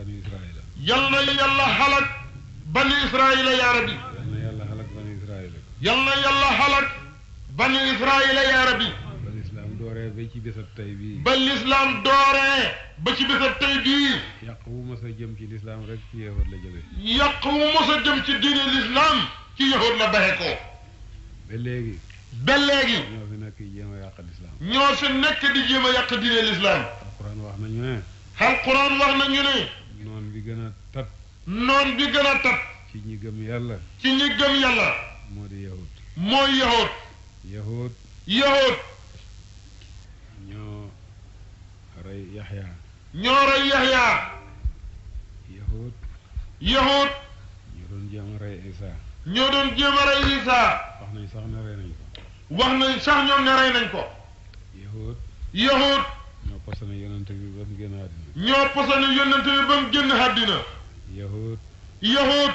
bani israila yal na yàlla xalak bani israila yaa rabbi yal na yàlla xalak bani israila yal na yàlla xalak bani israila yaa rabbi ba lislaam dooree ba ci bésab tey bii ba lislaam dooree ba ci bésab tey bii yàq wu mos a jëm ci lislaam rek ci yahud la jële yàq wu mos a jëm ci diine lislaam ci yahud la baxe ko ba léegi ba léegi ñoo fi nekk di jéem a yàq lislaam ñoo fi nekk di jéem a yàq diine lislaam alquran wax nañu ne alquran wax nañu ne gën a tat noon gën a tat ci ñi yàlla ci gëm yàlla moo di yahut mooy yahut ñoo rey yaxya ñoo rey yaxya ñoo doon jéem a rey isa ñoo doon jéem a rey isa wax nañ sax ne rey nañ ko ñoom ne rey nañ ko yahut posone yonente bi ba mu génn àddina. ñoo posone yonente bi ba mu génn àddina. yahud. yahud.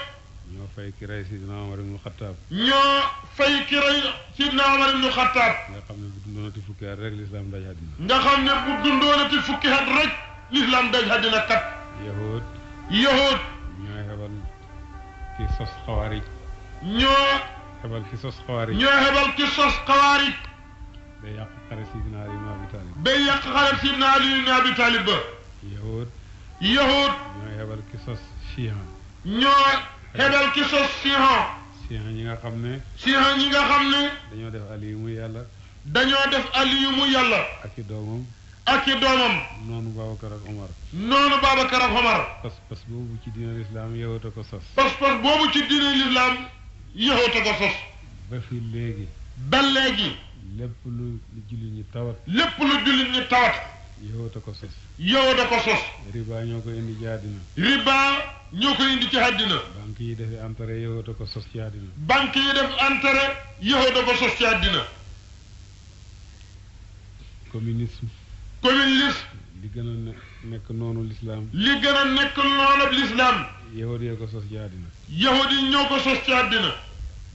ñoo fay ki rey Sidna Omar ibnu Xattaab. ñoo fay ki rey Sidna Omar ibnu Xattaab. nga xam ne bu dundoonati fukki at rek lislaam daj àddina. nga xam ne bu dundoonati fukki at rek lislaam daj àddina kat. yahud. yahud. ñoo xebal ki sos xawaarij. ñoo. xebal ki sos xawaarij. ñoo xebal ki sos xawaarij. ba yàq xare Sidina Ali ibn Abi Talib. ba yàq xare Sidina Ali ibn Abi Talib ba. yahud. yahud. ñoo hebal ki sos Shihan. ñoo hebal ki sos Shihan. Shihan ñi nga xam ne. Shihan ñi nga xam ne. dañoo def Aliyu muy yàlla. dañoo def Aliyu muy yàlla. ak i doomam. ak i doomam. noonu Babacar ak Omar. pas-pas boobu ci diine lislaam yahut a ko sos. pas-pas boobu ci diine lislaam yahut a ko sos. ba fi léegi. ba léegi. lépp lu jullit ñi tawat. lépp lu jullit ñi tawat. yow da ko sos. yow da ko sos. riba ñoo ko indi ci àddina. riba ñoo ko indi ci àddina. banque yi def intérêt yow da ko sos ci àddina. banque yi def intérêt yow da ko sos ci àddina. communisme. communisme. li gën a nekk noonu lislaam. li gën a nekk noonu lislaam. yahud yee yi ñoo ko sos ci àddina.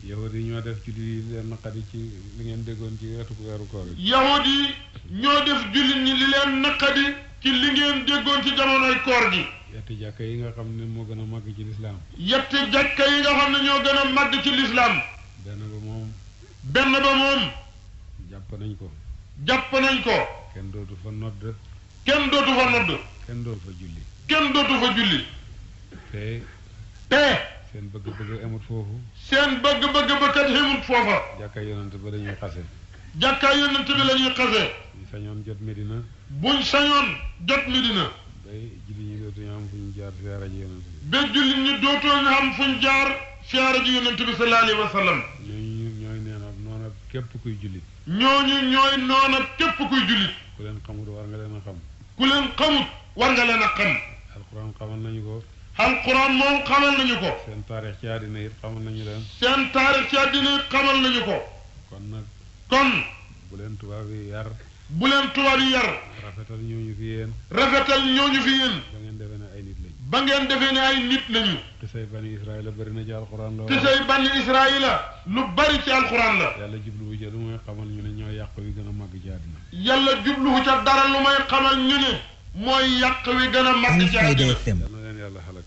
yahud yi ñoo def julli li leen naqari ci li ngeen déggoon ci wetu weeru koor yi yahud yi ñoo def julli ñi li leen naqari ci li ngeen déggoon ci jamonoy koor gi yetti jàkka yi nga xam ne moo gën a màgg ci lislaam yetti jàkka yi nga xam ne ñoo gën a màgg ci lislaam benn ba moom benn jàpp nañ ko jàpp nañ ko kenn dootu fa nodd kenn dootu fa nodd kenn dootu fa julli kenn dootu fa julli te te seen bëgg-bëgg amut foofu. seen bëgg-bëgg ba kat foofa. jàkkaay yonent ba dañuy xase. jàkkaay yonent bi la ñuy xase. buñ sañoon jot Medina. buñ sañoon jot Medina. ba julli ñi dootuñu am fuñ jaar siyaara bi. ba julli ñi dootuñu jaar siyaara ji yonent bi sallallahu alayhi wa sallam. ñooñu ñooy neen ak noon kuy jullit. ñooñu ñooy noon ak képp kuy jullit. ku leen xamut war nga leen a xam. ku leen xamut war nga leen a xam. alquran xamal nañu ko. alquran moom xamal nañu ko. seen taarix ci àddina it xamal nañu leen. seen taarix ci àddina it xamal nañu ko. kon nag. kon. bu leen tubaab yi yar. bu leen tubaab yi yar. rafetal ñooñu fi yéen. rafetal ñooñu fi yéen. ba ngeen defee ne ay nit lañu. ba ngeen defee ne ay nit lañu. xisay bani Israaïla bëri na ci alquran la. xisay bani Israaïla lu bëri ci alquran la. yàlla jubluwu ci lu may xamal ñu ne ñooy yàq wi gën a màgg ci àddina. yàlla jubluwu ca dara lu may xamal ñu ne. mooy yàq wi gën a màgg ci àddina. yàlla xalak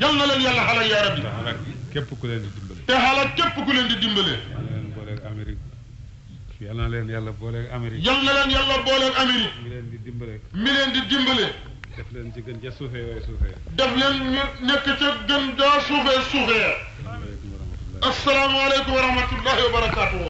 yal na leen yàlla xalak yaa rabbi te xalak képp ku leen di dimbale te xalak képp ku leen di dimbale yal na leen booleeg Amérique yal na leen yàlla booleeg Amérique yal na leen yàlla booleeg Amérique mi leen di dimbale mi leen di dimbale def leen ci gën ja suufee way suufee def leen nekk ca gën daa suufee suufee asalaamaaleykum wa rahmatullahi wa barakatuh